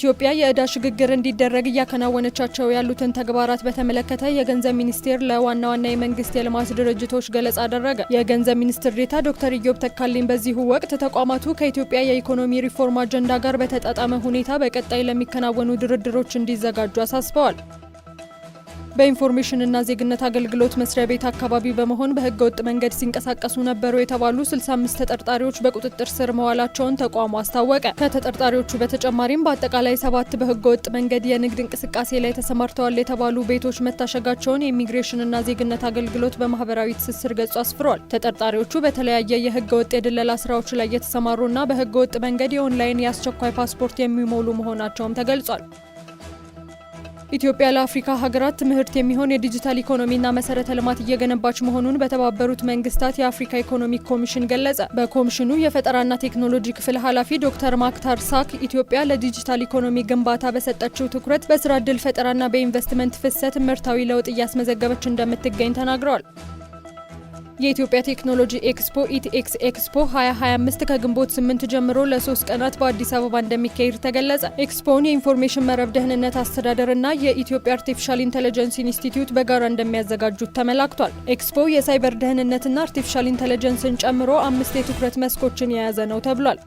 ኢትዮጵያ የእዳ ሽግግር እንዲደረግ እያከናወነቻቸው ያሉትን ተግባራት በተመለከተ የገንዘብ ሚኒስቴር ለዋና ዋና የመንግስት የልማት ድርጅቶች ገለጻ አደረገ። የገንዘብ ሚኒስትር ዴታ ዶክተር ኢዮብ ተካልኝ በዚሁ ወቅት ተቋማቱ ከኢትዮጵያ የኢኮኖሚ ሪፎርም አጀንዳ ጋር በተጣጣመ ሁኔታ በቀጣይ ለሚከናወኑ ድርድሮች እንዲዘጋጁ አሳስበዋል። በኢንፎርሜሽንና ዜግነት አገልግሎት መስሪያ ቤት አካባቢ በመሆን በህገ ወጥ መንገድ ሲንቀሳቀሱ ነበሩ የተባሉ 65 ተጠርጣሪዎች በቁጥጥር ስር መዋላቸውን ተቋሙ አስታወቀ። ከተጠርጣሪዎቹ በተጨማሪም በአጠቃላይ ሰባት በህገ ወጥ መንገድ የንግድ እንቅስቃሴ ላይ ተሰማርተዋል የተባሉ ቤቶች መታሸጋቸውን የኢሚግሬሽንና ዜግነት አገልግሎት በማህበራዊ ትስስር ገጹ አስፍሯል። ተጠርጣሪዎቹ በተለያየ የህገ ወጥ የድለላ ስራዎች ላይ የተሰማሩና በህገ ወጥ መንገድ የኦንላይን የአስቸኳይ ፓስፖርት የሚሞሉ መሆናቸውም ተገልጿል። ኢትዮጵያ ለአፍሪካ ሀገራት ትምህርት የሚሆን የዲጂታል ኢኮኖሚና መሰረተ ልማት እየገነባች መሆኑን በተባበሩት መንግስታት የአፍሪካ ኢኮኖሚክ ኮሚሽን ገለጸ። በኮሚሽኑ የፈጠራና ቴክኖሎጂ ክፍል ኃላፊ ዶክተር ማክታር ሳክ ኢትዮጵያ ለዲጂታል ኢኮኖሚ ግንባታ በሰጠችው ትኩረት በስራ ዕድል ፈጠራና በኢንቨስትመንት ፍሰት ምርታዊ ለውጥ እያስመዘገበች እንደምትገኝ ተናግረዋል። የኢትዮጵያ ቴክኖሎጂ ኤክስፖ ኢቲኤክስ ኤክስፖ 2025 ከግንቦት 8 ጀምሮ ለሶስት ቀናት በአዲስ አበባ እንደሚካሄድ ተገለጸ። ኤክስፖውን የኢንፎርሜሽን መረብ ደህንነት አስተዳደር እና የኢትዮጵያ አርቲፊሻል ኢንቴለጀንስ ኢንስቲትዩት በጋራ እንደሚያዘጋጁት ተመላክቷል። ኤክስፖ የሳይበር ደህንነትና አርቲፊሻል ኢንቴለጀንስን ጨምሮ አምስት የትኩረት መስኮችን የያዘ ነው ተብሏል።